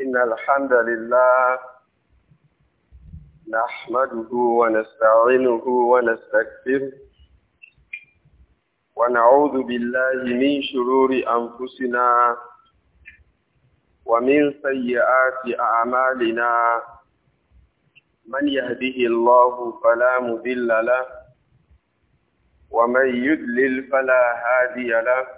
إن الحمد لله نحمده ونستعينه ونستكفره ونعوذ بالله من شرور أنفسنا ومن سيئات أعمالنا من يهده الله فلا مضل له ومن يدلل فلا هادي له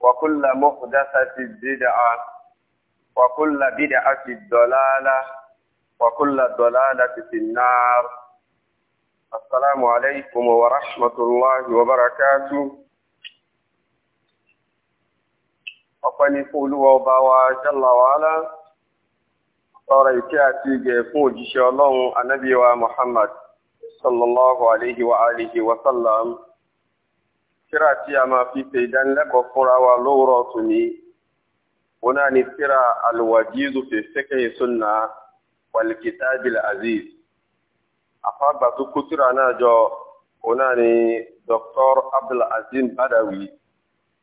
وكل محدثة بدعة وكل بدعة ضلالة وكل ضلالة في النار السلام عليكم ورحمة الله وبركاته ọpẹ́ni fún olúwa ọba wa jalla wa ala ọ̀rọ̀ ìkẹ́ àti ìgẹ̀ fún òjíṣẹ́ ọlọ́run anábíwa muhammad sallallahu alaihi wa alihi wa sallam tíra tí a máa fi ṣe ìdánilẹ́kọ̀ọ́ fúnra wa lówùrọ̀ tún ní wọn náà ni tíra alwajizu fi fiqhi sunna wal kitabil aziz àfàgbà tó kó tíra náà jọ wọn náà ni dr abdul azim badawi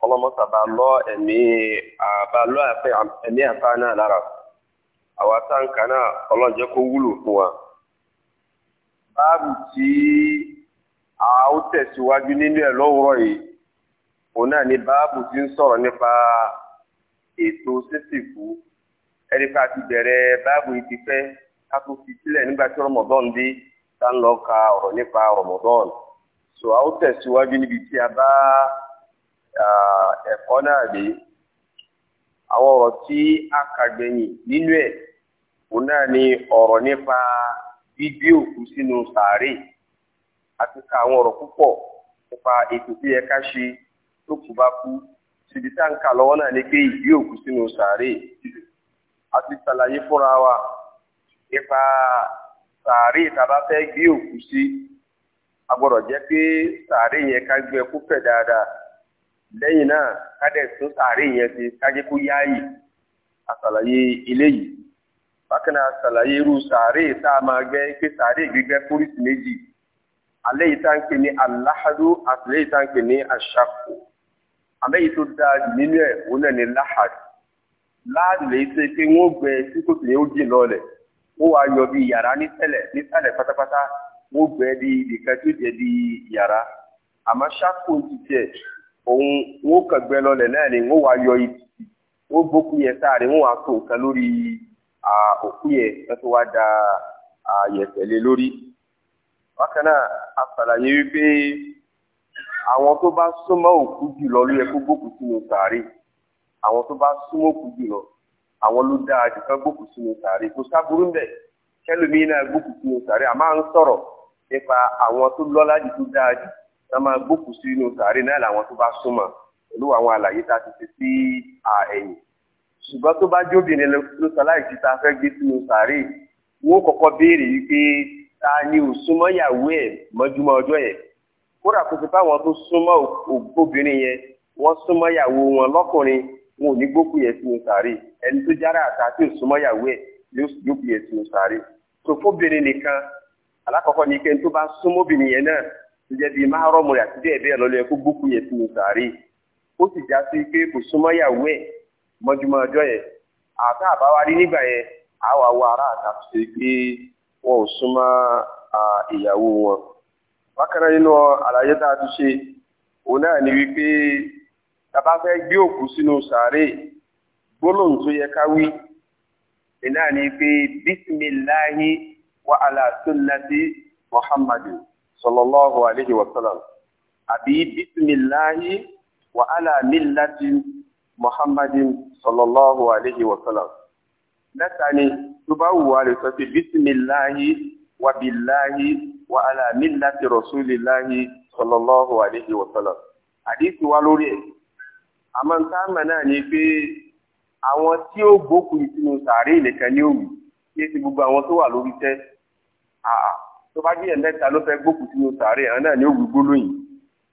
ọlọmọta bá lọ ẹmí àbá lọ ẹmí àfa náà lára àwa táǹkà náà ọlọ́njẹ́ kó wúlò fún wa. báàbù tí àwọn tẹ̀síwájú nínú ẹ̀ lọ́wọ́rọ̀ yìí òun náà ni báàbù ti ń sọ̀rọ̀ nípa ètò sísìnkú ẹni ká ti bẹ̀rẹ̀ báàbù yìí ti pẹ́ ká tó fi sílẹ̀ nígbà tí rọmọdọ́n dé tá ń lọ ka ọ̀rọ̀ nípa rọmọdọ́n so àwọn tẹ̀síwájú níbi tí a bá ẹ̀kọ́ náà dé àwọn ọ̀rọ̀ tí a kà gbẹ̀yìn nínú ẹ̀ òun náà ni ọ̀rọ̀ nípa bíbí òkú sínú sàárè. àti ka àwọn ọ̀rọ̀ púpọ̀ nípa ètò tí ká ṣe tó kù bá kú síbi tá à ń kà lọ́wọ́ náà ni ìgbé òkú sínú sàárè a ti ṣàlàyé fúnra wa nípa sàárè tá a bá fẹ́ gbé òkú sí a gbọ́dọ̀ jẹ́ pé sàárè yẹn ká gbẹ dáadáa lẹ́yìn náà ká dẹ̀ tún sàárè yẹn ti kó yáàyè eléyìí bákan náà irú àléyìí tá ń pè ní aláhàdú àti léyìí tá ń pè ní aṣáko àléyìí tó dáa nínú ẹ̀ òun náà ní láhàdú láàlè ṣe pé wọ́n gbẹ tí kò sì ní ó jìn lọ́lẹ̀ wọ́n wá yọ bí yàrá nísàlẹ̀ nísàlẹ̀ pátápátá wọ́n gbẹ bí nìkan tó jẹ bí yàrá àmọ́ ṣáko ti tiẹ̀ òun wọ́n kàn gbẹ lọ́lẹ̀ náà ni wọ́n wá yọ ibi wọ́n gbókù yẹn sáré wọ́n wá tó nǹkan lórí òkú yẹn tó wá da yẹ̀fẹ̀ lé lórí bákan náà a ṣàlàyé wípé àwọn tó bá súnmọ́ òkú jùlọ ló yẹ kó gbókùn sínú sàárè àwọn tó bá súnmọ́ òkú jùlọ àwọn ló dáa jù kan gbókùn sínú sàárè kò sábúrú ń bẹ̀ kẹlòmíín náà gbókùn sínú sàárè àmọ́ à ń sọ̀rọ̀ nípa àwọn tó lọ́lá jù tó dáa jù ká máa gbókùn sínú sàárè náà làwọn tó bá súnmọ́ pẹ̀lú àwọn àlàyé tá a ti ṣe sí ẹ̀yìn ṣùgbọ́n tó bá jóbìnrin ló ṣaláìsí tá a fẹ́ ta ni ò súnmọ́ ìyàwó ẹ̀ mọ́júmọ́ ọjọ́ yẹn kódà kó ti báwọn tó súnmọ́ obìnrin yẹn wọ́n súnmọ́ ìyàwó wọn lọ́kùnrin wọn ò ní gbókù yẹn sínú sàárè ẹni tó jára àtà tí ò súnmọ́ ìyàwó ẹ̀ yóò gbókù yẹn sínú sàárè tó fóbìnrin nìkan alákọ̀ọ́kọ́ ni kẹ́ni tó bá súnmọ́ obìnrin yẹn náà tó jẹ́ bíi máhárọ́mù rẹ̀ àti bẹ́ẹ̀ bẹ́ẹ̀ lọ́lọ́ kó gbókù yẹn sínú sàárè ó sì já sí pé kò súnmọ́ ìyàwó ẹ̀ mọ́júmọ́ ọjọ́ yẹn àtà àbáwárí nígbà yẹn àwa wa ará àtà tó ṣe pé wọn ò súnmọ́ ìyàwó wọn bákan nínú àlàyé tá a ti ṣe òun náà ni wípé tàbá fẹ́ gbé òkú sínú sàárè gbólóhùn tó yẹ ká wí iná ni pé bísímìláhi wa ala sunnati muhammadu sallallahu alayhi wa sallam àbí bísímìláhi wa ala millati muhammadu sallallahu alayhi wa mẹ́ta ni tó bá wù wá lè sọ pé bisimilahi wabilahi wa ala millati rasulillahi sallallahu alayhi wa sallam àdìsí wa lórí ẹ̀ àmọ́ táàmà náà ni pé àwọn tí ó gbókùn sínú sàárè nìkan ní òwú kí é ti gbogbo àwọn tó wà lórí tẹ́ tó bá jẹ́ mẹ́ta ló fẹ́ gbókùn sínú sàárè àwọn náà ní òwú gbólóyìn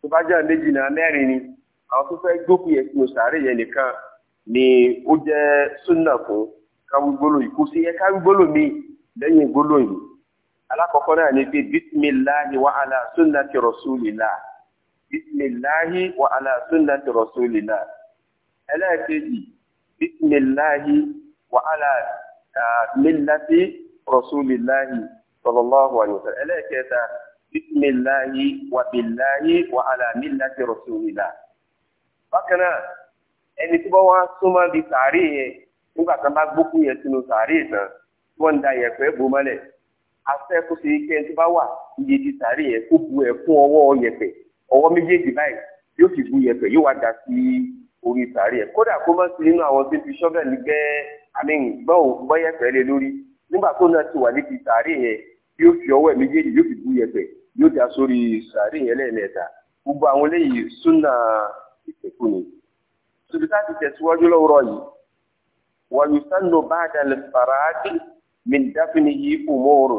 tó bá jẹ́ méjì náà mẹ́rin ni àwọn tó fẹ́ gbókùn yẹn sàárè yẹn nìkan ni ó jẹ́ súnà fún káwí gbólóyìn kò sí yẹ káwí gbólóyìn lẹ́yìn gbólóyìn alákọ̀ọ́kọ́ náà ni pé bisimilahi wa ala sunnati rasulillah bisimilahi wa ala sunnati rasulillah ẹlẹ́ẹ̀kejì bisimilahi wa ala millati rasulillahi sallallahu alayhi wa sallam ẹlẹ́ẹ̀kẹta bisimilahi wa billahi wa ala millati rasulillah bákan náà ẹni tí wọ́n wá súnmọ́ di sàárè yẹn nígbà kan bá gbókù yẹn sínú sàárè náà wọ́n ń da yẹ̀pẹ̀ bò mọ́lẹ̀ afẹ́ kó ṣe ike ẹni tó bá wà iye di sàárè yẹn kó bu ẹ̀kún ọwọ́ yẹ̀pẹ̀ ọwọ́ méjèèjì báyìí yóò sì bu yẹ̀pẹ̀ yóò wá da sí orí sàárè yẹn kódà kó má sí nínú àwọn tó fi ṣọ́bẹ̀ ní gẹ́ àmì gbọ́ yẹ̀pẹ̀ lé lórí nígbà tó náà ti wà ní ti sàárè yẹn yóò fi ọwọ́ méjèèjì yóò fi bu yẹ̀pẹ̀ yóò da sórí sàárè yẹn lẹ́ẹ̀mẹ́ta gbogbo àwọn eléyìí súnà ìsìnkú ni. sùbítà ti tẹ̀síwájú lọ́wọ́rọ̀ yìí ويسن بعد الفراغ من دفنه أمور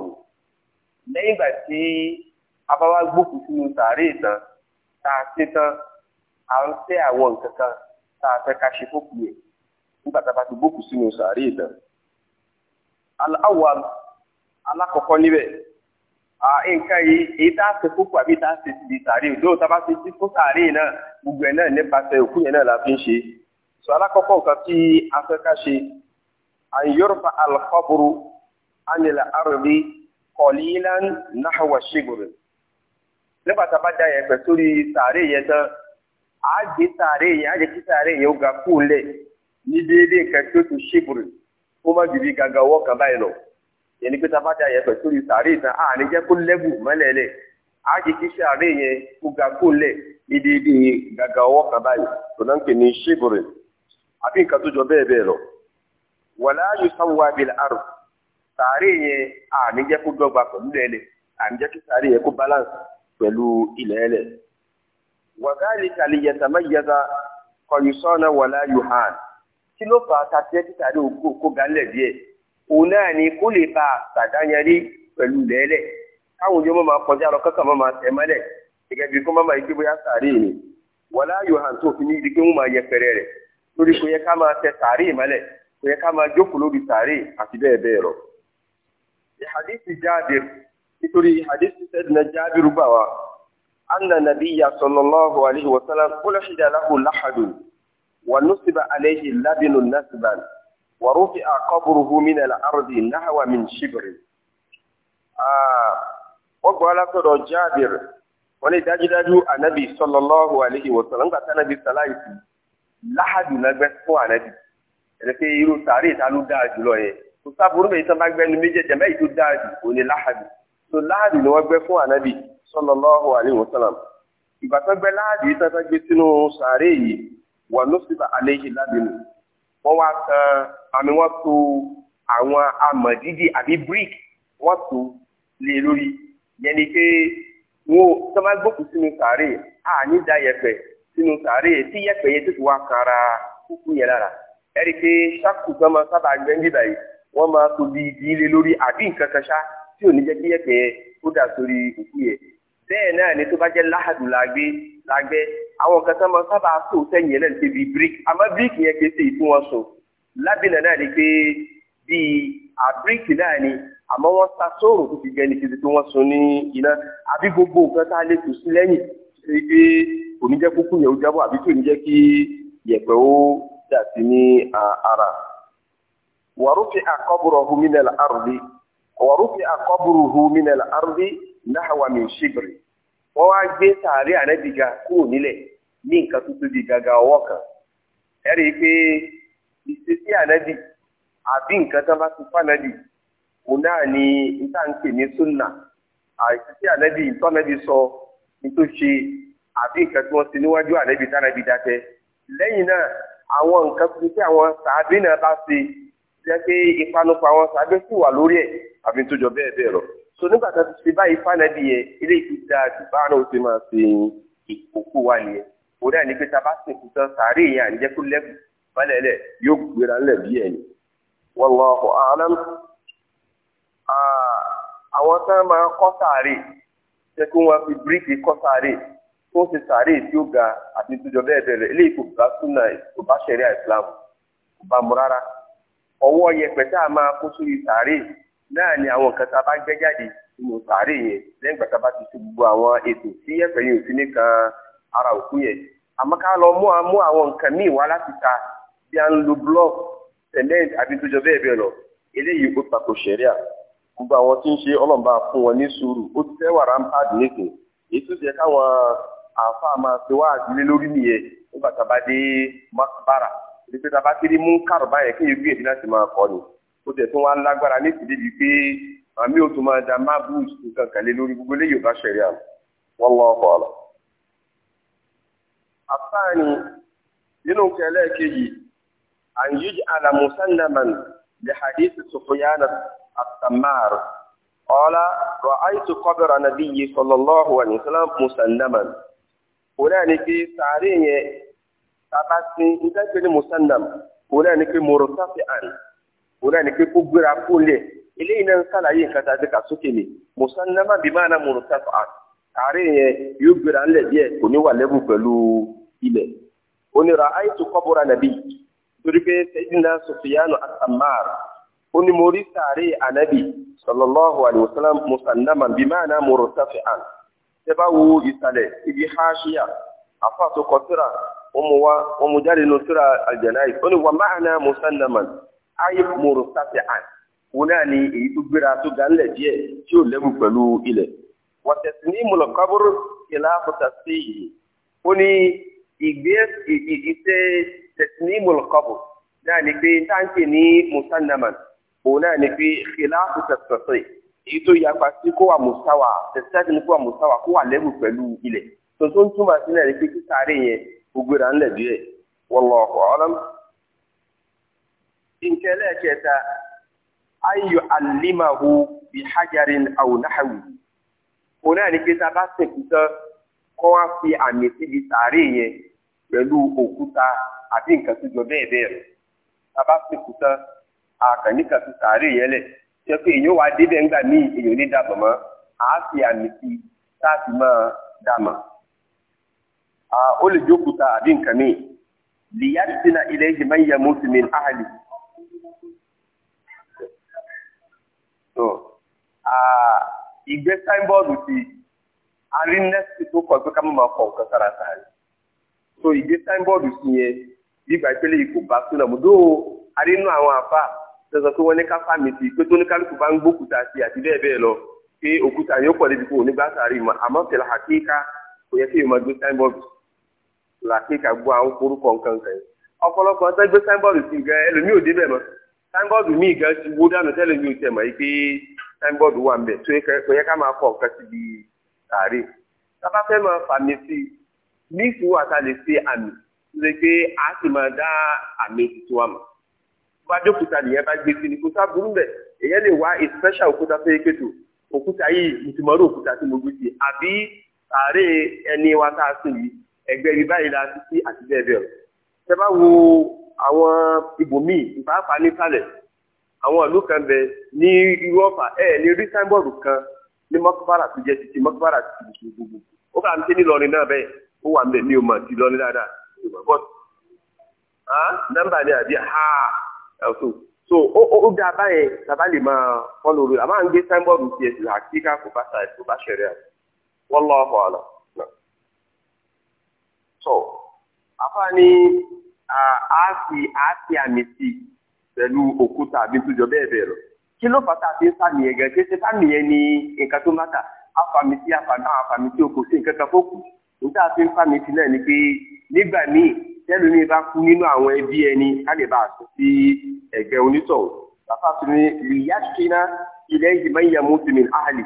lẹ́yìn ìgbà tí a bá wá gbókùn sínú sàárè tán tá a ṣe tán à ń fẹ́ àwọn nǹkan kan tá a fẹ́ ká ṣe fókù yẹn nígbà tá a bá ti gbókùn sínú sàárè tán. aláwọ̀ alákọ̀ọ́kọ́ níbẹ̀ nǹkan yìí èyí tá a ṣe fókù àbí tá a ṣe ti di sàárè lóòótọ́ bá ṣe sí fún sàárè náà gbogbo ẹ̀ náà nípasẹ̀ òkú yẹn náà la fi ń ṣe é sọ alákọ̀ọ́kọ́ nǹkan tí a fẹ́ ká ṣe àyọ̀rọ̀fà alkọ́bùrù anilẹ̀ arọ̀bí kọ̀lílan náhàwà ṣígbùrù nígbà tá a bá da ẹ̀fẹ̀ sórí sàárè yẹn tán a gbé sàárè yẹn a jẹ́ kí sàárè yẹn ó ga kú lẹ̀ ní déédéé nǹkan tó tó ṣígbùrù kó má bìbí gàgà ọwọ́ kan báyìí lọ yẹnni pé da ẹ̀fẹ̀ sórí sàárè tán a ní jẹ́ kó lẹ́bù mọ́lẹ̀lẹ̀ a jẹ́ kí sàárè yẹn ó ga kú lẹ̀ ní déédéé gàgà ọwọ́ kan báyìí tó náà ń pè ní àbí nǹkan tó jọ bẹ́ẹ̀ bẹ́ẹ̀ lọ. wàlá yóò sáwọ́ abil arù sàárè yẹn àní jẹ́ kó dọ́gba pẹ̀lú lẹ́lẹ̀ àní jẹ́ kí sàárè yẹn kó balance pẹ̀lú ilẹ̀ ẹlẹ̀. wàgáàlì kàlí yẹtàmá yẹta kọ̀yùsọ́nà wàlá yóò hàn kí ló fà á ta tiẹ́ kí sàárè òkú kó galẹ̀ díẹ̀ òun náà ni kó lè bá sàdáyẹrí pẹ̀lú lẹ́lẹ̀ káwọn ojú ọmọ máa kọjá lọ kọ́kàn lórí kò yẹ ká máa tẹ sàárè mọ́lẹ̀ kò yẹ ká máa jókòó lórí sàárè àti bẹ́ẹ̀ bẹ́ẹ̀ lọ. ìhàdísì jáàbìrì nítorí ìhàdísì sẹ́dínà jáàbìrì gbà wá anna nabiyya sallallahu alayhi wa sallam kulashida lahu lahadun wa nusiba alayhi labinu nasiban wa rufi'a qabruhu min al-ardi nahwa min shibri. Ah, wọ́n gbọ́ alátọ̀dọ̀ jáàbìrì wọ́n lè dájúdájú ànábì sallallahu alayhi wa sallam nígbà tánábì sàlàyé sí i láhàdù náà gbẹ fún ànábì ẹni pé irú sàárè ìta ló dáa jùlọ yẹ kò sábúrú mi ìtàn bá gbẹ ní méjèèjì mẹ́yì tó dáa jù kò ní láhàdù tó láhàdù ni wọ́n gbẹ fún ànábì sallallahu alaihi wasallam ìgbà tó gbẹ láhàdù yìí tó gbé sínú sàárè yìí wà ló sì bá alẹ́ yìí lábẹ́nu wá kan àmì wọ́n to àwọn amọ̀dídì àbí brick wọ́n to lé lórí yẹn ni pé wọ́n tó gbókùn sínú sàárè àní da yẹpẹ̀ sínú sàárè tí yẹpẹyẹ tó ti wá kara kúkú yẹn lára ẹ̀rí pé ṣáàkù tó máa sábà gbẹ́ níbà yìí wọ́n máa tóbi ìdílé lórí àbí nǹkan kan ṣá tí ò ní jẹ́ kí yẹpẹyẹ kó dà sórí òkú yẹn bẹ́ẹ̀ náà ni tó bá jẹ́ láhàdù làgbé làgbẹ́ àwọn nǹkan tó máa sábà tó sẹ́yìn náà ti bi bíríkì àmọ́ bíríkì yẹn kì í ṣe ìtú wọn sùn lábìnà náà ni pé bíi àbíríkì náà ni àmọ́ wọ́n sa sóòrò tó ti gẹ ní kejì tó wọ́n sun ní iná àbí gbogbo nǹkan tá a lè tù sí lẹ́yìn kò ní jẹ́ kókó yẹn ó jábọ́ àbí kò ní jẹ́ kí yẹ̀pẹ̀ ó dà sí ní ara. wàrúfi àkọ́bùrọ̀hu mínẹ́lá àrùbí wàrúfi àkọ́bùrọ̀hu mínẹ́lá àrùbí náhàwá mi ṣíbìrì wọ́n wá gbé sàárè ànábì ga kúrò nílẹ̀ ní nǹkan tó tóbi gàgà ọwọ́ kan ẹ rí i pé ìṣesí ànábì àbí nǹkan tán bá ti fànábì òun náà ni níta ń pè ní sunna àìsísí ànábì ìtọ́nàbì sọ ní tó ṣe àbí nǹkan tí wọ́n ṣe níwájú ànábì tánàbì dákẹ́ lẹ́yìn náà àwọn nǹkan tuntun tí àwọn sàábì náà bá ṣe jẹ́ pé ìpanupọ̀ àwọn sàábì sì wà lórí ẹ̀ àbí tó jọ bẹ́ẹ̀ bẹ́ẹ̀ lọ so nígbà tó ti ṣe báyìí fánàbì yẹn ilé ìfúta àti báàrùn ó ti máa ṣe ìkókó wa nìyẹn kò dáa ní pé tá a bá sìnkú tán sàárè yẹn àníjẹ́ kó lẹ́bù balẹ̀lẹ̀ yóò gbéra ńlẹ̀ bí ẹ̀yìn wallahu a'lam àwọn tán máa kọ́ sàárè jẹ́ kí wọ́n fi bíríkì tó ń ṣe sàárè tí ó ga àti tó jọ bẹ́ẹ̀ bẹ́ẹ̀ lọ eléyìí kò bá súnà kò bá ṣẹ̀ríà Islam kò bá mu rárá ọwọ́ yẹpẹ̀ tá a máa kó sórí sàárè náà ni àwọn nǹkan tá a bá gbẹ́ jáde nínú sàárè yẹn lẹ́yìn gbàtà bá ti ṣe gbogbo àwọn ètò tí yẹpẹ̀ yẹn ò fi ní kan ara òkú yẹn àmọ́ ká lọ mú àmú àwọn nǹkan míì wá láti ta bí a ń lo block cement àbí tó bẹ́ẹ̀ bẹ́ẹ̀ lọ eléyìí ó èyí tó jẹ káwọn àfa máa ṣe wá àdúlé lórí nìyẹn nígbà tá a bá dé makbara ìdíje tá a bá kiri mú kárò báyẹn kí ewu èdè láti máa kọ́ ni ó tẹ̀ tún wá lágbára ní ìdílé bíi pé àmì ò máa da marbles nǹkan kan lé lórí gbogbo lẹ́yìn ọba ṣẹ̀rí àmì wọ́n lọ́ ọkọ̀ ọ̀la. àfáàní nínú kẹlẹ́ kejì àyíj alamusannaman lè hadith sufyan asamar ọ̀la ra'aytu qabra nabiyyi sallallahu alayhi wa sallam musannaman òun náà ni pé sàárè yẹn bàbá sin ìdájọ́ ní musannam òun náà ni pé mọ̀rọ̀sáfì àn òun náà ni pé kó gbéra kó lẹ̀ eléyìí náà ń sàlàyé nǹkan tá a ti kà sókè ni musannama bí máa na mọ̀rọ̀sáfì àn sàárè yẹn yóò gbéra ńlẹ̀ díẹ̀ kò ní wà lẹ́bù pẹ̀lú ilẹ̀ onira àìsù kọ́bùrà nàbí torí pé sẹ́yìnà sọfìyànù àtàmàr onímọ̀rí sàárè ànábì sallallahu alaihi wasallam musannaman bí máa na mọ̀rọ̀sáfì àn tẹ́bá wo ìsàlẹ̀ ibi haṣíyà afa tó kọ síra ọmọ wa ọmọ jáde lọ síra àjẹnáì ó ní wà máàna musallaman ayé mòrò sáfẹ́ àn wọn náà ni èyí tó gbéra tó ga ńlẹ̀ díẹ̀ tí ó lẹ́bù pẹ̀lú ilẹ̀ wà tẹ̀sí ní mọ̀lọ́kábúrú ìlà àkọsà sí yìí ó ní ìgbé ìṣe tẹ̀sí ní mọ̀lọ́kábù náà ni pé táǹkì ní musallaman òun náà ni pé ìlà àkọsà sọ̀tọ̀ yìí èyí tó yapa sí kó wà mùsáwà tẹ̀síṣáàtì ní kó wà mùsáwà kó wà lẹ́bù pẹ̀lú ilẹ̀ tuntun túmọ̀ sílẹ̀ ní pé kíkàárẹ̀ yẹn gbogbo rà ń lẹ̀ díẹ̀ wallahu alam. ìkẹlẹ̀ kẹta ayò alimahu bi hajarin aw nahwi òun náà ní pé tá a bá sìnkú kó wá fi àmì síbi sàárẹ̀ yẹn pẹ̀lú òkúta àbí nǹkan tó jọ bẹ́ẹ̀ bẹ́ẹ̀ rẹ̀ tá a bá sìnkú àkànníkà tó sàárẹ̀ yẹn lẹ̀ jẹ́ pé èyí wà débẹ̀ ńgbà míì èyí ò ní dàbọ̀ mọ́ àá fi àmì sí i tá a fi máa dàmọ̀. ó lè jókòó àbí nǹkan míì lìyàtìnà ilé ìhìmá ìyá mùsùlùmí àhàlì. ìgbé sáínbọ́ọ̀dù ti arínẹ́sì tó kọ̀ pé ká máa kọ̀ nǹkan sára sáré. so ìgbé sáínbọ́ọ̀dù sí yẹn bí ìgbà ìpele yìí kò bá sínú ọmọdé o arínú àwọn àfáà sọ pé wọ́n ní káfá mi ti pé tóníkálukú bá ń gbókúta sí àti bẹ́ẹ̀ bẹ́ẹ̀ lọ pé òkúta yóò pọ̀ débi kó o ní gbà sáré mọ́ àmọ́ tẹ̀lé àkíkà kò yẹ kí èèyàn máa gbé signboard làkíkà gbọ́ àwọn orúkọ nǹkan kan yìí ọ̀pọ̀lọpọ̀ ọ̀sẹ̀ gbé signboard sí gan ẹlòmíì ò débẹ̀ mọ́ signboard míì gan ti wó dànù tẹ́lẹ̀mí ò tẹ̀ mọ́ yìí pé signboard wà ń bẹ̀ tó yẹ ká máa kọ̀ nǹkan síbi sáré sábà fẹ́ máa fàmì sí i ní ìsìnwó àtàlẹ́ sí àmì tó a sì bá jókòtà nìyẹn bá gbé sí ni kò sá burú bẹ̀ èyẹ lè wá a special òkúta tó yẹ kéto òkúta yìí mo ti mọ̀ ọ́ òkúta tí mo gbé sí àbí sàárè ẹni wa tá a sìn yìí ẹgbẹ́ ibi báyìí la ti sí àti bẹ́ẹ̀ bẹ́ẹ̀ tẹ bá wo àwọn ibòmíì ìfàáfà nísàlẹ̀ àwọn ìlú kan bẹ ní irú ọ̀fà ẹ̀ ní rí sáńbọ̀ọ̀dù kan ní mọ́kúbára tó jẹ́ títí mọ́kúbára tó ti gbogbo ó bá ah, ni àbí ha ẹ̀sùn so ó ó bí tàbá lè máa fọ́nù rẹ̀ àmọ́ à gbé sáínbọ́ọ̀dù tiẹ̀ sí àkíkà a bá e bá so afa a fi a fi àmì sí pẹ̀lú òkúta àbí tójọ bẹ́ẹ̀ bẹ́ẹ̀ lọ kí ló fà a fi ń sàmì yẹn gan kí ṣe sàmì yẹn ni nǹkan tó má ta afami sí afami sí nǹkan kan nígbà tẹ́lu mi bá kú nínú àwọn ẹbí ẹni ká lè bá a sọ sí ẹ̀gbẹ́ onítọ̀hún bàbá tó ní ìyá ṣínà ilẹ̀ ìgbìmọ̀ ìyàmú tìmí àhàlì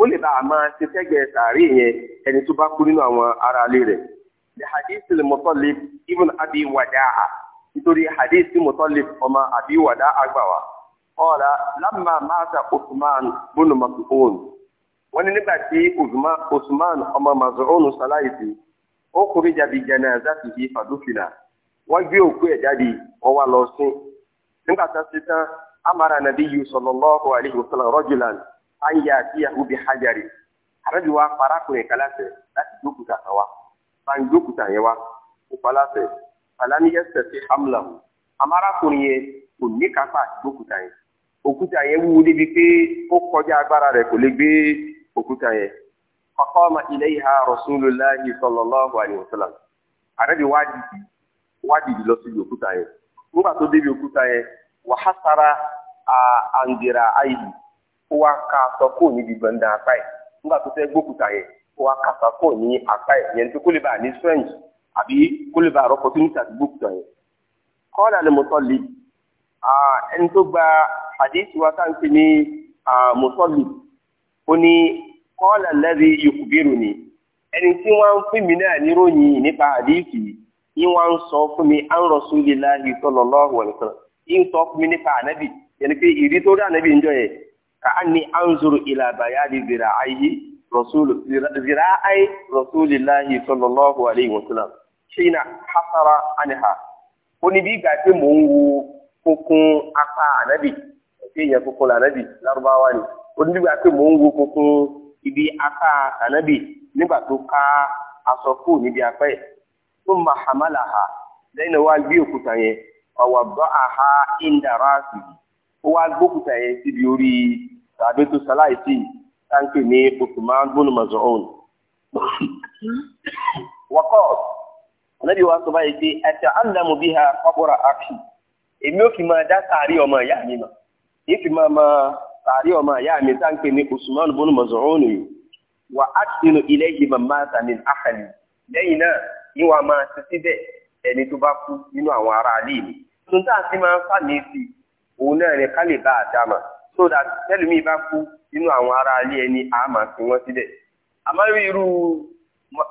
ó lè bá a máa ṣe sẹ́gbẹ̀ẹ́ sàárè yẹn ẹni tó bá kú nínú àwọn ará ilé rẹ̀ hadith mutallib even abi wada'a nítorí hadith mutallib ọmọ abi wada'a gbà wá ọ̀la lámà máta usman bùnú mas'un wọ́n ní nígbà tí usman ọmọ ó kórè jàbí jẹnà zàtìhí fàdúfìlà wọ́n gbé òkú ẹ̀ jáde wọ́n wá lọ sí nígbà tá a ṣe tán amara nàbí yìí sallallahu alaihi wasallam rajulan an ya'tiyahu bi hajari àrẹ́bí wa parákùnrin kan láṣẹ láti dókúta kan wa bá ń dókúta yẹn wa kó pa láṣẹ aláníyẹ sẹsẹ hamlahu amárakùnrin yẹn kò ní kápá àti dókúta yẹn òkúta yẹn wúwo débi pé ó kọjá agbára rẹ̀ kò lè gbé òkúta yẹn fàkọ́ọ̀mà ilé ìhà Rasulullahi sallallahu alaihi wasallam àrẹ́bí wádìí lọ sí ibi òkúta yẹn nígbà tó débi òkúta yẹn wà á sara àǹdìrà àìlì ó wá ka sọkó níbi gbọ̀ndàn apá ẹ̀ nígbà tó fẹ́ gbókúta yẹn ó wá ka sọkó ní apá ẹ̀ yẹn tó kólébà ní strength àbí kólébà rọ opportunity àti gbókúta yẹn. kọ́ọ̀lá ni mo tọ́ lè ẹni kọ́ọ̀lá lẹ́bi ìkùbírù ni ẹni tí wọ́n ń fún mi náà níròyìn nípa àdìsí ni wọ́n ń sọ fún mi an rasulillahi sallallahu alaihi wasallam ń sọ fún mi nípa ànábì yẹn pé ìrí tó ànábì ń jọ yẹ ká ila bayadi zira ayi rasulu zira na hasara aniha ó ní bí ìgbà pé mò ń wo kókún apá ànábì ìyẹn kókún ibi aká anabi nígbà tó ká aṣọ kù níbi apá ẹ̀ tó ma hamala ha lẹ́yìn náà wá gbé òkúta yẹn ọ̀wà bọ́ àhá ìndàrá sí i ó wá gbókúta yẹn síbi orí tàbí tó ṣaláìsí táǹkì ní Usman ibn Maz'un. wọ́kọ̀ ànábì wa sọ báyìí pé ẹ̀sẹ̀ àndàmù bí ha kọ́bọ̀rà àkì èmi ò fi máa dá sàárì ọmọ ìyá mi mà èyí fi máa máa sàárì ọmọ ìyá mi tá ń pè ní Usman bonu Maz'un yìí wà á ti nu ilé yìí màmá sàmì àkàlì lẹ́yìn náà ìwà máa ti síbẹ̀ ẹni tó bá kú nínú àwọn ará àlè mi tuntun tá a ti máa ń fà mí sí òun náà ni ká lè bá a dá mà so that tẹ́lẹ̀ bá kú nínú àwọn ará àlè ẹni a máa fi wọ́n síbẹ̀ àmọ́ irú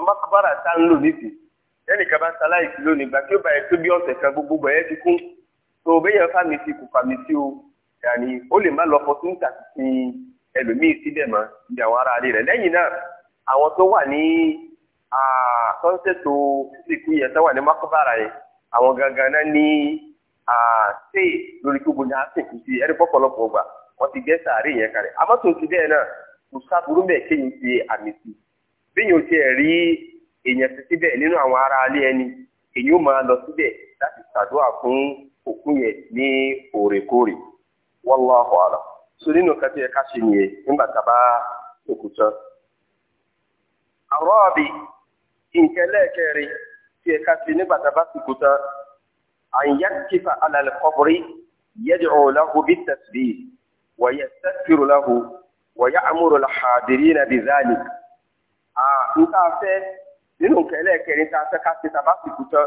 makabara tá ń lò nísìnyí ẹnìkan bá sáláì sí lónìí gbà tí ó bá yẹ tó ọ̀sẹ̀ kan gbogbo ẹ̀ ti kún tó bẹ́yẹn fà mí sí kò fà sí o. yàní ó lè má lọ fọtúntà sí ẹlòmíì síbẹ̀ mọ́ ibi àwọn ará rẹ̀ lẹ́yìn náà àwọn tó wà ní sọ́nsẹ̀tò sísìnkú yẹn tó wà ní mákọ́bára yẹn àwọn gangan náà ní ṣe lórí kí gbogbo àti ìkùsí ẹni pọ́pọ́lọpọ̀ gbà wọ́n ti gẹ́ sàárè yẹn àmọ́ tó ti bẹ́ẹ̀ náà kò sábúrú bẹ́ẹ̀ kéyìn ṣe àmì sí bẹ́ẹ̀ yóò tiẹ̀ rí èèyàn ti síbẹ̀ nínú àwọn wallahu alam so nínú kan tí ẹ ká ṣe nìyẹn nígbà tá a bá òkú tán. àrọ́ọ̀bì nǹkan lẹ́ẹ̀kẹrin tí ẹ ká ṣe nígbà tá a bá òkú tán àyàkífà alàlẹ́ kọ́bùrí yad'u lahu bit-tasbih wa yastaghfiru lahu wa ya'muru al-hadirina bidhalik. nǹkan afẹ́ nínú nǹkan lẹ́ẹ̀kẹrin tá a fẹ́ ká ṣe tá a bá òkú tán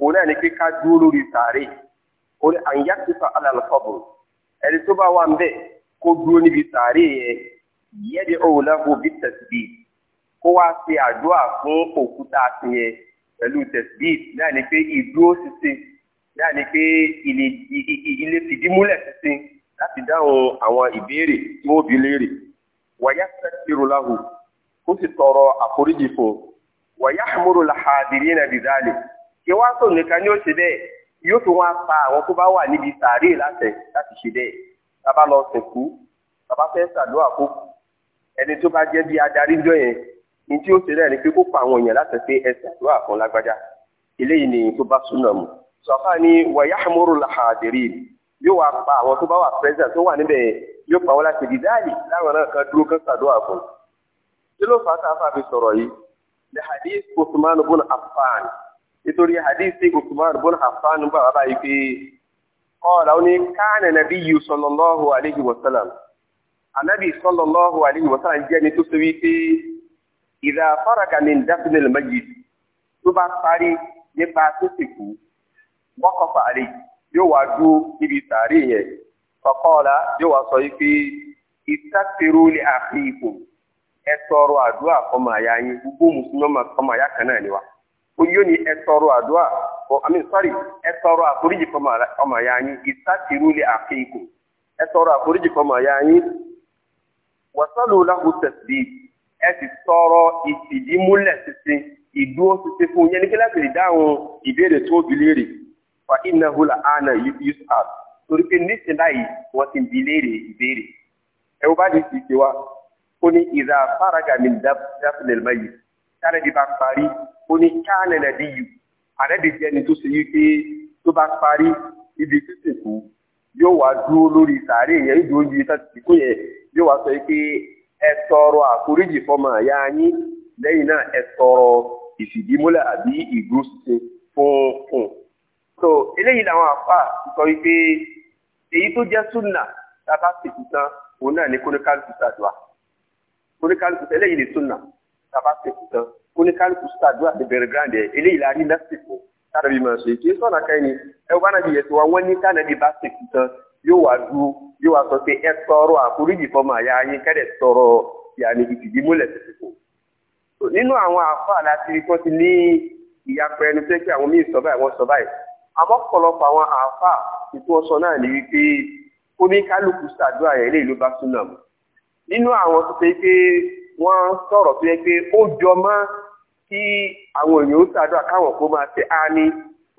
òun náà ní pé ká dúró lórí sàárè ẹni tó bá wà ń bẹ̀ kó dúró níbi sàárè yẹn yẹ́dẹ̀ òun náà kó bí tẹ̀síbí kó wá ṣe àdúrà fún òkúta àti yẹn pẹ̀lú tẹ̀síbí náà ni pé ìdúró ṣinṣin náà ni pé ilé fìdímúlẹ̀ ṣinṣin láti dáhùn àwọn ìbéèrè tí wọ́n bí léèrè wàyà sẹ́kìrò láhù kó sì tọrọ àforíjì fún wàyà àmúrò làhàdìrí nàbìdálè kí wá sóun nìkan ni ó ṣe bẹ́ẹ̀ yóò tó wọn pa àwọn tó bá wà níbi sàárè láti láti ṣe bẹ́ẹ̀ bàbá lọ sẹ̀kú bàbá fẹ́ sàdúrà kó ẹni tó bá jẹ́ bí adarí jọ yẹn ní tí ó ṣe náà ni pé kó pa àwọn èèyàn láti pé ẹ sàdúrà fún lágbájá eléyìí ni tó bá súnà mu sọfà ni wàyà àmúrò làhàdìrì yóò wá pa àwọn tó bá wà pẹ́sẹ̀ tó wà níbẹ̀ yóò pa wọn láti di dáàlì láwọn náà kan dúró kan sàdúrà fún kí ló fà á sáfà fi sọ̀rọ̀ yìí lẹ́hàdí Usman ibn Affan nítorí hadith Uthman ibn Affan bá wà báyìí pé ọ̀rọ̀ ó ní káànà nàbí yìí sallallahu alayhi wa sallam anábì sallallahu alayhi wa sallam jẹ́ ni tó ṣe wípé idha faraka min dafnil mayyit tó bá parí nípa tó sì kú waqafa alayhi yóò wá dúró níbi sàárè yẹn faqala yóò wá sọ wípé istaghfiru li akhikum ẹ àdúrà fọmọ àyà yín gbogbo mùsùlùmí ọmọ àyà kan náà ni wa oyó ni ẹ tọrọ àdúrà ọ àmì sọrí ẹ tọrọ àforíjì fọmọ àyà yín ìsátìrúlẹ àkéèkù ẹ tọrọ àforíjì fọmọ àyà yín wàsálù làwọn tẹsí ẹ sì tọrọ sisi sísìn ìdúró sísìn fún yẹn ní kí láti dáhùn ìbéèrè tó bi fa iná hula ana yusuf torí pé nísìnyí báyìí wọn ti bi léèrè ìbéèrè ẹ wọ́n bá di ti ṣe wa ó ní ìdá fárágà mi dáfínẹ̀lì báyìí sáré bí bá parí ó ní káàlẹ̀lẹ̀ bí yìí àrẹ́bí jẹ́ ni tó ṣe yí pé tó bá parí ibi tó ṣe kú yóò wá dúró lórí sàárè yẹn yóò dúró yìí láti sìnkú yẹn yóò wá sọ pé ẹ tọrọ àforíjì fọmọ àyà yín lẹ́yìn náà ẹ tọrọ ìfìdímúlẹ̀ àbí ìgbóṣe fún fún. so eléyìí làwọn àfà sọ wípé èyí tó jẹ́ súnà tàbá sèkú tán òun náà ní kóníkálùkù sàdùà kóníkálùkù tẹ́lẹ̀ yìí ní súnà tàbá sèkú tán oníkálukú sàdúrà ti bẹ̀rẹ̀ grand ẹ̀ eléyìí la rí lásìkò káàdà bí máa ṣe kí sọ̀nà káyìí ẹ wọ́n náà bí yẹ ti wá wọ́n ní káàdà bí bá ṣe tán yóò wá dúró yóò wá sọ pé ẹ sọ̀rọ̀ àforíjì fọmọ àyà yín kẹ́dẹ̀ sọ̀rọ̀ yàní ìfìdímúlẹ̀ sìkò. nínú àwọn àfa àláti rí wọ́n ti ní ìyapẹ́ ẹni pé kí àwọn míì sọ báyìí wọ́n sọ báyìí àmọ́ ọ̀pọ̀lọpọ̀ àwọn àfa ètò ọ̀sán náà ní wípé oníkálukú sàdúrà yẹn lè ló bá súnà mu nínú àwọn tó ṣe pé wọ́n sọ̀rọ̀ tó yẹ pé ó jọ tí àwọn èèyàn ó sàdúrà káwọn kó máa ṣe á ní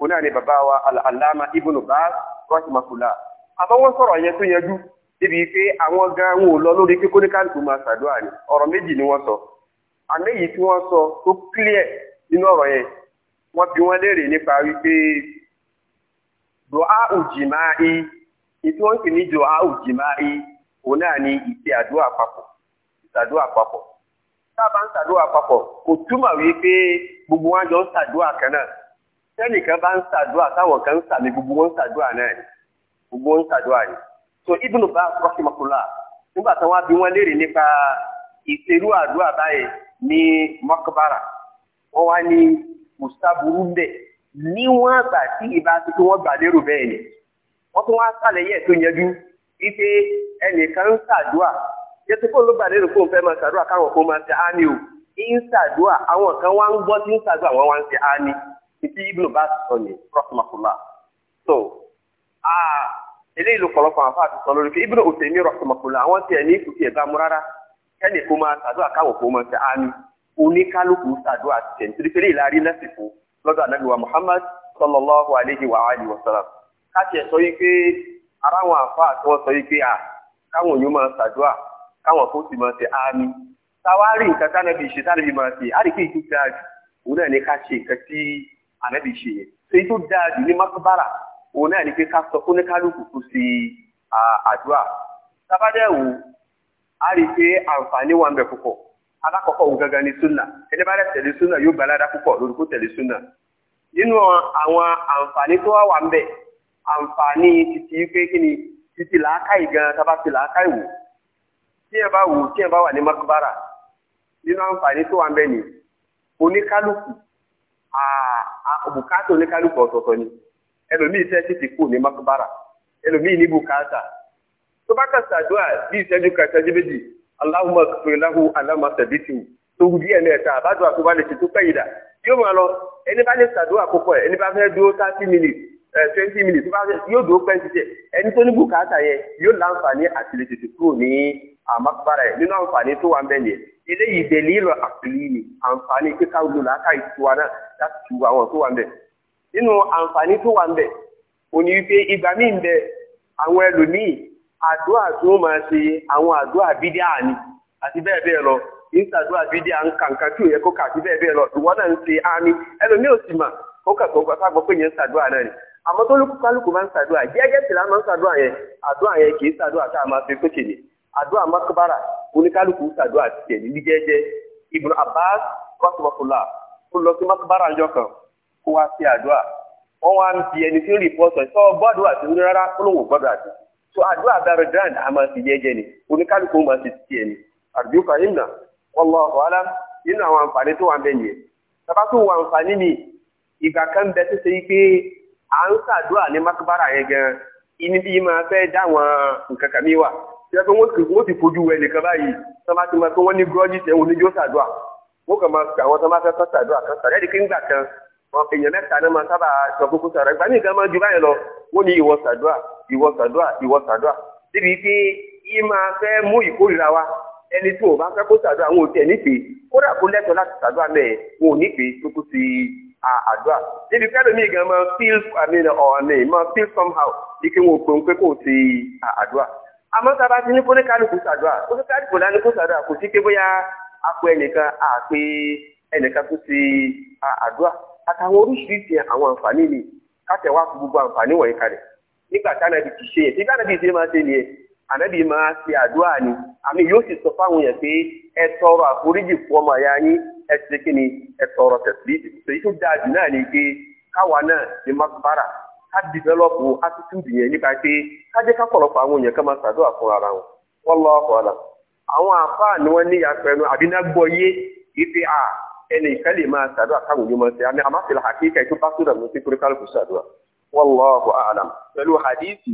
onáà ni bàbá wa al-Allama Ibn Baz rahimahullah àmọ́ wọ́n sọ̀rọ̀ yẹn tó yẹjú débi pé àwọn gan wọn ò lọ lórí pé kóníkàlùkù máa ṣàdúrà ni ọ̀rọ̀ méjì ni wọ́n sọ àmì èyí tí wọ́n sọ tó clear nínú ọ̀rọ̀ yẹn wọ́n bi wọ́n léèrè nípa wípé dùá ùjìmáì ìtí wọ́n sì ní dùá ùjìmáì òun náà ni ìṣe àdúrà papọ̀ ìṣàdúrà papọ̀ tábà ń ṣàdúrà papọ̀ kò túmọ̀ wípé gbogbo wọn jọ ń ṣàdúrà kan náà sẹ́nìkan bá ń ṣàdúrà táwọn kan ń ṣàmì gbogbo wọn ń ṣàdúrà náà gbogbo wọn ń ṣàdúrà ni so Ibn Baz rahimahullah nígbà tí wọ́n bí wọ́n léèrè nípa ìṣerú àdúrà báyìí ní mọ́kàbára wọ́n wá ní mùsàbùrú bẹ́ẹ̀ níwọ̀n àgbà tí ìbá ti tó wọ́n gbà lérò bẹ́ẹ̀ ni wọ́n tún wá sàlẹ̀ yẹ̀ tó yẹjú wípé ẹnìkan ń ṣàdúrà yẹtí kó ló gbàdé rò pé òun fẹ́ máa ṣàdúrà káwọn kó máa ṣe áni o ń ṣàdúrà àwọn kan wá ń gbọ́ tí ń ṣàdúrà wọ́n wá ń ṣe áni ìtí ibùdó bá sọ ní rọ́ṣùmọ̀kùnlá so eléyìí ló pọ̀lọpọ̀ àwọn afáàtì sọ lórí pé ibùdó òtẹ̀mí rọ́ṣùmọ̀kùnlá àwọn tiẹ̀ ní ìkùkì ẹ̀bá mu rárá kẹ́ni kó máa ṣàdúrà káwọn kó máa ṣe áni oníkálukú ṣàdúrà tiẹ̀ nítorí pé ìlà rí lásìkò lọ́dọ̀ anábìwá Muhammad sallallahu alayhi wa alihi wa sallam káṣí ẹ̀ sọ yìí pé ara àwọn afáàtì wọn sọ yìí pé à káwọn yóò máa ṣàdúrà káwọn kó sì máa ṣe àmì táwárí nǹkan tánàbí ṣe tánàbí máa ṣe àríkè ìtú dáa jù òun náà ní ká ṣe nǹkan tí ànábì ṣe yẹn ṣe ìtú dáa ní mákàbára òun náà ní pé ká sọ fún kálukú kó ṣe àdúrà tábàdẹ́wò a rí i pé àǹfààní wà ń bẹ púpọ̀ alákọ̀ọ́kọ́ òun gangan ní súnà ẹni bá rẹ̀ tẹ̀lé súnà yóò gbalada púpọ̀ lórí kó tẹ̀lé súnà nínú àwọn àǹfààní tó wà ń bẹ àǹfààní títí pé kí ni títí làákàyè gan tábà ti làákàyè wò tí ẹ bá wò tí ẹ bá wà ní makubara nínú àǹfààní tó wà ń o ni oníkálukú bùkátà oníkálukú ọ̀tọ̀ọ̀tọ̀ ni ẹlòmíì tẹ́ ti ti kú ní makubara ẹlòmíì ní bùkátà tó bá kà sàdúrà bí a kan ìṣẹ́jú méjì aláwùmọ̀ kìrìláhù alámàṣẹ̀bìtì tó wù díẹ̀ lẹ́ẹ̀ta àbájọ àtúbálẹ̀ ti tó pẹ́yìdà yóò máa lọ ẹni bá lè sàdúrà kókó ẹ̀ ẹni bá fẹ́ dúró 30 minutes Eh, twenty minutes bá yóò dúró pẹ́ títẹ̀ ẹni tó ní bùkátà yẹn yóò láǹfààní àti lè tètè kúrò ní àmàkùbára yẹn nínú àǹfààní tó wà ń bẹ̀ nìyẹn eléyìí dẹ̀lí lọ àpèlí ni àǹfààní kíkà òdo làákà ìtura náà láti tu àwọn tó wà ń bẹ̀ nínú àǹfààní tó wà ń bẹ̀ òní wípé ìgbà míì ń bẹ àwọn ẹlòmíì àdúrà tó máa ṣe àwọn àdúrà ni àti bẹ́ẹ̀ bẹ́ẹ̀ lọ ìsàdúrà bídíà ń tí ò yẹ àmọ́ tó lókù kálukú máa ń ṣàdúrà jẹ́jẹ́ sì láwọn máa ń ṣàdúrà yẹn àdúrà yẹn kì í ṣàdúrà tá a máa fi pèsè ni àdúrà makbara oníkálukú ṣàdúrà tiẹ̀ ní jẹ́jẹ́ Ibn Abbas kọ́sùmọ́kùnlá ó lọ sí makbara ọjọ́ kan kó wá sí àdúrà wọ́n wá ń fi ẹni tí ó lóun gbọ́dọ̀ àti so àdúrà dára grand a ni oníkálukú máa fi tiẹ̀ ni àdúgbò ìnà wallahu alam nínú àwọn àǹfààní tó wà ń bẹ̀ nìyẹn tabatu wà àǹfààní ni ìgbà kan bẹ tó ṣe yí pé A ń ṣàdúrà ní makbara yẹn gan ibi bí máa fẹ́ dá àwọn nǹkan kàmí wà tí wọ́n ti wọ́n ti fojú wẹ̀ nìkan báyìí tí wọ́n bá ti máa pé wọ́n ní gírọ́jì tẹ̀ wọ́n ní yóò ṣàdúrà wọ́n kàn máa pè àwọn tí wọ́n bá fẹ́ kọ́ ṣàdúrà kan sàrẹ́ ìdíkẹ́ ńgbà kan èèyàn mẹ́ta náà máa sábà sọ kókó sàrẹ́ ìgbà míì gan máa ju báyìí lọ wọ́n ní ìwọ ṣàdúrà ìwọ ṣàdúrà ìwọ ṣàdúrà débi pé yìí máa fẹ́ mú ìkórìíra wa ẹni tí ò bá fẹ́ kó ṣàdúrà wọn ò tiẹ̀ nípe kódà kó lẹ́tọ̀ọ́ láti ṣàdúrà mẹ́ẹ̀ wọn ò nípe tó kó sí àdúrà níbi pẹ́lú mi gan máa feel i mean or i mean máa feel somehow ike wọn pè ń pé kò sí àdúrà àmọ́ sábà ti ní kóníkálukú sàdúrà kóníkálukú náà ní kó sàdúrà kò sí pé bóyá apò ẹnìkan àpè ẹnìkan tó ti àdúrà àtàwọn oríṣiríṣi àwọn àǹfààní ni káṣẹ̀ wá fún gbogbo àǹfààní wọ̀nyí kalẹ̀ nígbà tí ànábì ti ṣe yẹn tí ànábì ti máa ṣe nìyẹn ànábì máa ṣe àdúrà ni àmì yóò sì sọ fáwọn èèyàn pé ẹ tọrọ àforíjì fún ọmọ ìyá yín ẹ ti kí ni ẹ tọrọ tẹ̀sí èyí tó dáa jù náà ni pé káwa náà ṣe má bára ká dìvẹ́lọ́pù átítúdì yẹn nípa pé ká jẹ́ ká pọ̀lọpọ̀ àwọn èèyàn ká máa ṣàdúrà fún ara wọn wallahu alam àwọn àfáà ni wọ́n ní ìyàpẹ̀nu àdínágbọ́yé ife a ẹni ìkẹ́lẹ̀ máa ṣàdúrà káwọn yóò máa ṣe àmì àmàfẹ́lẹ̀ àkíkà ètò bá sódà lọ sí kúrẹ́kálùkù ṣàdúrà wallahu alam pẹ̀lú hadisi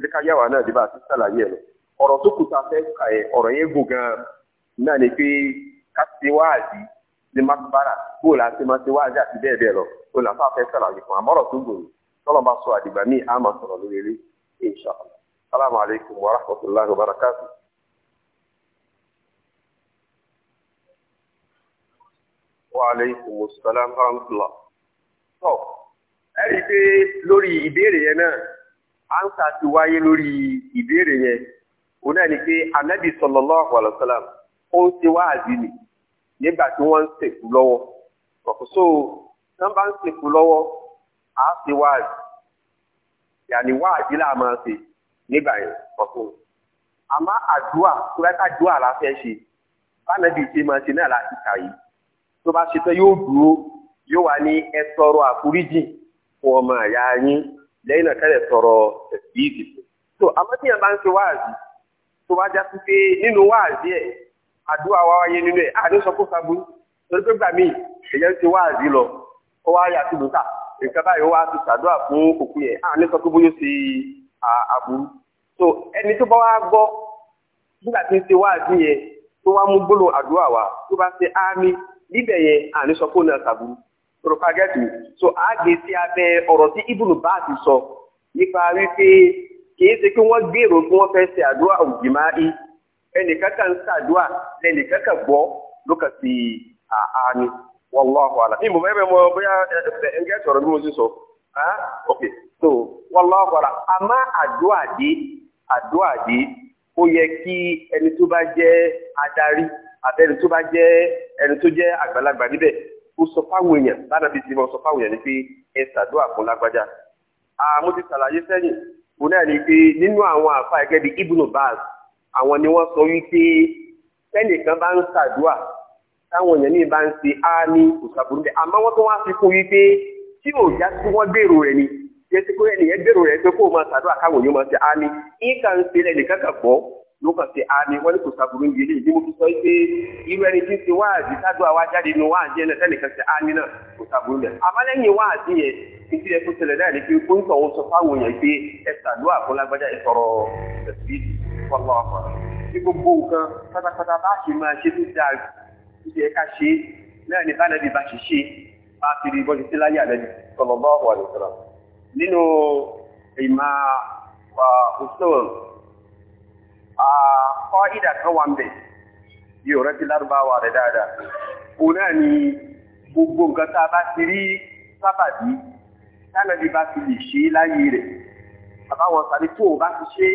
pé ká yàwá náà débà àti sàlàyé ẹ̀ ọ̀rọ̀ tó kù tá a fẹ́ kà ẹ̀ ọ̀rọ̀ yẹn gùn gan-an náà ni pé ká ṣe wáàdì ní makubara bóòlù àti máa ṣe wáàdì àti bẹ́ẹ̀ bẹ́ẹ̀ lọ òun làfà fẹ́ sàlàyé fún àmọ́rọ̀ tó gbòòrò tọ́lọ̀ bá sọ àdìgbà míì á máa sọ̀rọ̀ lórí eré alaykum wa wa wa aleykum salaam wa rahmatulah. ẹ rí i pé lórí ìbéèrè yẹn náà ansa ti wáyé lórí ìbéèrè yẹn ó náà ni pé anabi sallallahu alaihi wasallam ó ń ṣe wáàzì ni nígbà tí wọ́n ń sèkú lọ́wọ́ ọ̀kùnso tán bá ń sèkú lọ́wọ́ á ṣe wáàzì yàní wáàzì là máa ṣe nígbà yẹn ọ̀kùn àmọ́ àdúà tó dúà la fẹ́ ṣe bánabi ṣe máa ṣe náà láti kà yìí tó bá ṣe tán yóò dúró yóò wá ní ẹ sọ̀rọ̀ àforíjì fún ọmọ àyà yín lẹ́yìn náà kẹ́lẹ̀ sọ̀rọ̀ tẹ̀síìdì so àmọ́ tí yẹn bá ń ṣe wáàzì tó bá já sí pé nínú wáàzì ẹ̀ àdúrà wa wáyé nínú ẹ̀ àní sọ fún sabu torí pé gbà míì èyẹ ń ṣe wáàzì lọ ó wá yà sí lùtà nǹkan báyìí ó wá ti ṣàdúrà fún òkú yẹn àní sọ pé bóyá ṣe àbúrú so ẹni tó bá wá gbọ́ nígbà tí ń ṣe wáàzì yẹn tó wá mú gbólóhùn àdúrà wa tó bá ṣe ámì níbẹ̀ yẹn àní sọ fún náà sabu propagate mi so a gbé sí abẹ́ ọ̀rọ̀ tí ibùdó bá ti sọ nípa wípé kì í ṣe kí wọ́n gbèrò kí wọ́n fẹ́ ṣe àdúrà òjìmá í ẹnìkan kan ṣàdúrà lẹ́nìkan kan gbọ́ ló kà sí àárín wàláhù àlà ìmọ̀ bẹ́ẹ̀ bẹ́ẹ̀ mọ bóyá ẹ̀ǹgẹ́ sọ̀rọ̀ bí mo ṣe sọ ok so wàláhù àlà àmọ́ àdúrà dé àdúrà dé ó yẹ kí ẹni tó bá jẹ́ adarí àbẹ́ni tó bá jẹ́ ẹni tó jẹ́ àgbàlagbà níbẹ̀ ó sọ fáwọn èèyàn lára bíi ti sọ fáwọn èèyàn ni pé ẹ ṣàdúrà fún lágbájá àmọ́ ti ṣàlàyé sẹ́yìn mo náà ní pé nínú àwọn àfa ẹgẹ́ bíi ibùnú baz àwọn ni wọ́n sọ wípé sẹ́nìkan bá ń ṣàdúrà táwọn èèyàn míì bá ń ṣe á ní òṣàbùrú bẹ́ẹ̀ àmọ́ wọ́n tún wá fi kún wípé tí ò já sí wọ́n gbèrò rẹ̀ ni yẹtí pé ẹnìyẹn gbèrò rẹ̀ pé kó o máa ṣàdúrà káwọn èèyàn máa ló kàn ṣe àmì wọ́n ní kò sàbùrù yìí lè ní mo fi sọ pé irú ẹni tí ń ṣe wáàdì sájú àwa jáde nínú wáàdì ẹ̀ lẹ́sẹ̀ nìkan ṣe àmì náà kò sàbùrù lẹ̀. àmàlẹ́yìn wáàdì yẹn títí ẹ tó ṣẹlẹ̀ náà ni pé ó ń sọ òun sọ fáwọn èèyàn pé ẹ ṣàdúrà fún ẹ sọ̀rọ̀ ẹ̀sìn fọlọ́ ni bá nàbí bá ṣe ṣe bá fi rí nínú ìmọ̀ òṣèlú kọ́ìdà kan wà ń bẹ̀ yóò rántí lárúbáwà rẹ̀ dáadáa o náà ni gbogbo nǹkan tá a bá ti rí sábàbí tánàbí bá ti lè ṣe láyé rẹ̀ àbáwọn sàbí tó o bá ti ṣe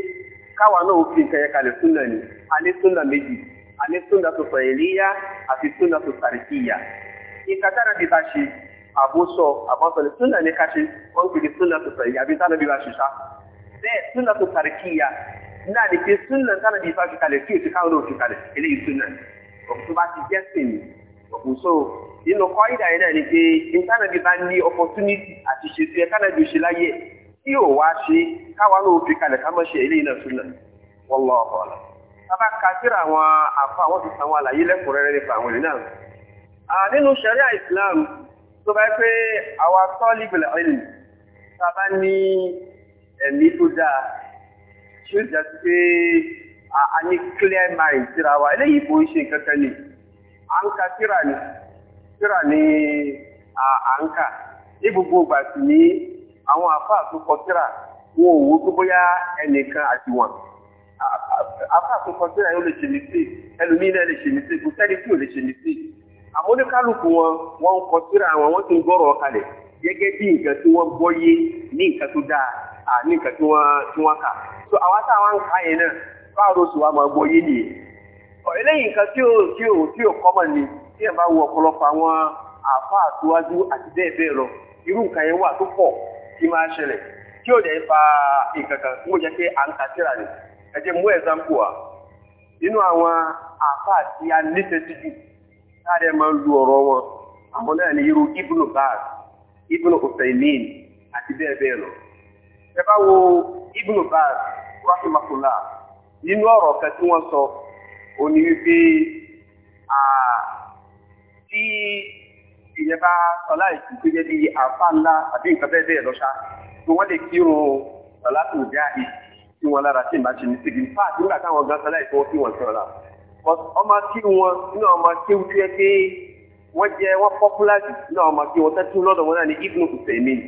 káwa náà fi nǹkan yẹn kalẹ̀ súnà ni alẹ́ súnà méjì alẹ́ súnà tó fẹ̀yẹ̀lẹ́yà àti súnà tó sàrìkìyà nǹkan tánàbí bá ṣe àbóṣọ àbọ̀sọ̀lẹ̀ súnà ní ká ṣe wọ́n ń pè ní súnà tó fẹ̀yẹ̀lẹ́yà àbí tánàbí bá ṣe ṣá bẹ́ẹ̀ súnà tó sàrìkìyà náà ní pé súnà sábà ní ifá fi kalẹ̀ kí èsì káwọn náà fi kalẹ̀ eléyìí súnà ọ̀pọ̀ bá ti jẹ́ sèmi ọ̀pọ̀ so nínú kọ́ ìdá yẹn náà ní pé ìtànàbí bá ní opportunity àti ṣe sí ẹ kánàbí ṣe láyé tí ò wá ṣe káwọn náà fi kalẹ̀ ká mọ́ ṣe eléyìí náà súnà wọ́n lọ ọ̀pọ̀ ọ̀la sábà kásìrì àwọn àfa àwọn ti sàwọn àlàyé lẹ́kùnrẹ́rẹ́ nípa àwọn ìlú Islam tó bá pé àwa tọ́lì gbẹ̀lẹ̀ ọ̀lì sábà ní ẹ̀mí tó tí ó jà sí pé a ní clear mind síra wa eléyìí kò ń ṣe kankan ni à ń ka síra ni síra ni à ń kà ní gbogbo ìgbà sì ní àwọn àfáà tó kọ síra wọn ò wó tó bóyá ẹnìkan àti wọn àfáà tó kọ síra yóò lè ṣe ní sí ẹlòmíín náà lè ṣe ní sí kò sẹ́ni tí ò lè ṣe ní sí àwọn oníkálukú wọn wọn ń kọ síra wọn wọn ti ń gbọ́rọ̀ kalẹ̀ gẹ́gẹ́ bí nǹkan tí wọ́n gbọ́ yé ní nǹkan tó dáa ní nǹkan tí wọ́n kà. so àwọn táwọn ka yìí náà báwo sì wá máa gbọ́ tí ó tí ó kọ́mọ̀ ni tí ẹ̀ bá ọ̀pọ̀lọpọ̀ àwọn àti bẹ́ẹ̀ bẹ́ẹ̀ lọ irú nǹkan yẹn wà tó pọ̀ tí máa ṣẹlẹ̀ tí ó dẹ̀ fa nǹkan mo jẹ́ pé à ń kàtíra ni ẹ jẹ́ mú ẹ̀zámpù wa nínú àwọn àfa àti anífẹ̀ẹ́sí jù táàdé máa ń lu ọ̀rọ̀ wọn náà irú ibùnú lọ. ẹ bá wo Ibn Baz rahimahullah nínú ọ̀rọ̀ kan tí wọ́n sọ ò ní wípé tí ìyẹn bá sọlá ìsìn tó jẹ́ bí àǹfà ńlá àbí nǹkan bẹ́ẹ̀ bẹ́ẹ̀ lọ́ṣá tí wọ́n lè kírun sọlá tó já ì tí wọ́n lára tí ìbá ṣe ní sígi nípa àti nígbà táwọn gan sọlá ìfọwọ́ tí wọ́n sọ̀rọ̀ ọmọ kí wọn nínú ọmọ kí wọ́n jẹ́ wọ́n pọ́pùlà jù nínú ọmọ kí wọ́n tẹ́tù lọ́dọ̀ wọn náà ní Ibn Uthaymeen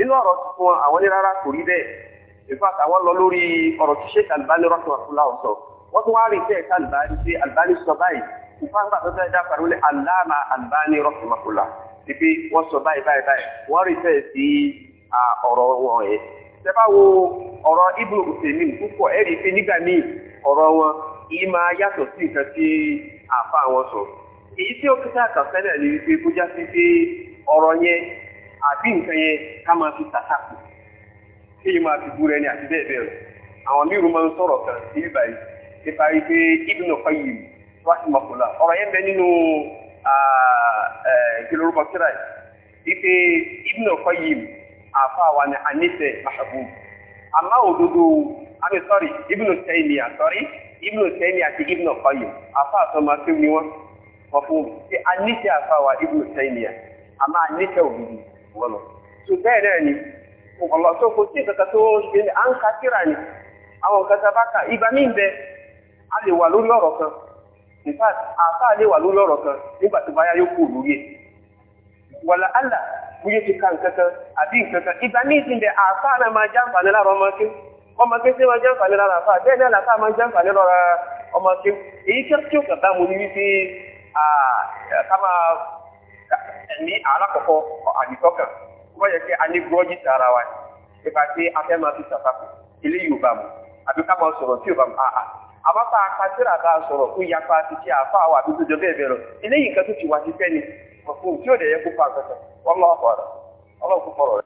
nínú ọ̀rọ̀ tuntun àwọn ní rárá kò rí bẹ́ẹ̀ ìfọ́ àtàwọn lọ lórí ọ̀rọ̀ tí ṣe kàlùbálẹ̀ rọ́tò àfúlà ọ̀sọ̀ wọ́n tún wá rí iṣẹ́ kàlùbálẹ̀ ṣe àlùbálẹ̀ sọ báyìí ìfọ́ àgbà tó fẹ́ dá pàrọ̀ lé àlámà àlùbálẹ̀ rọ́tò àfúlà ibi wọ́n sọ báyìí báyìí báyìí wọ́n rí iṣẹ́ sí ọ̀rọ̀ wọn ẹ̀ tẹ́fà wo ọ̀rọ̀ ibùdó òsèlú púpọ̀ ẹ̀ rí i pé nígbà àbí nǹkan yẹn ká máa fi tàtàkù kí yìí fi búra ẹni àti bẹ́ẹ̀ bẹ́ẹ̀ lọ àwọn mírù máa ń sọ̀rọ̀ kan sí báyìí nípa Ibn Qayyim wá sí ọ̀rọ̀ yẹn bẹ nínú ìgbélórúkọ kíra wípé Ibn Qayyim àfa wa ni àníṣe mahabub àmọ́ òdodo àmì sọ́rí Ibn Taymiyyah àsọ́rí Ibn Taymiyyah àti Ibn Qayyim àfa àtọ́mọ́ wọn wọ́n fún mi àfa wa òdodo wọ́n mọ̀ tó bẹ́ẹ̀ náà ni ọ̀lọ́ tó kò sí ìkàkà tó ṣe ní à ń ka síra ni àwọn nǹkan tá bá ka ìgbà míì bẹ a lè wà lórí ọ̀rọ̀ kan in fact àfa lè wà lórí ọ̀rọ̀ kan nígbà tó bá yá yóò kú lórí ẹ̀ wàlà àlà bóyá ti ka nǹkan kan àbí nǹkan kan ọmọ ké ó kà bá ní wípé ká ní alákọ̀ọ́kọ́ àdìsọ́kàn kó yẹ kí a ní gbọ́jì sára wa nípa tí a fẹ́ máa fi sàfàkù ilé yóò mu àbí ká máa sọ̀rọ̀ tí yóò mu àhà àbáfà kásírà bá sọ̀rọ̀ fún yapa ti ti àfa wa tó jọ bẹ́ẹ̀ bẹ́ẹ̀ lọ ilé yìí tó ti wá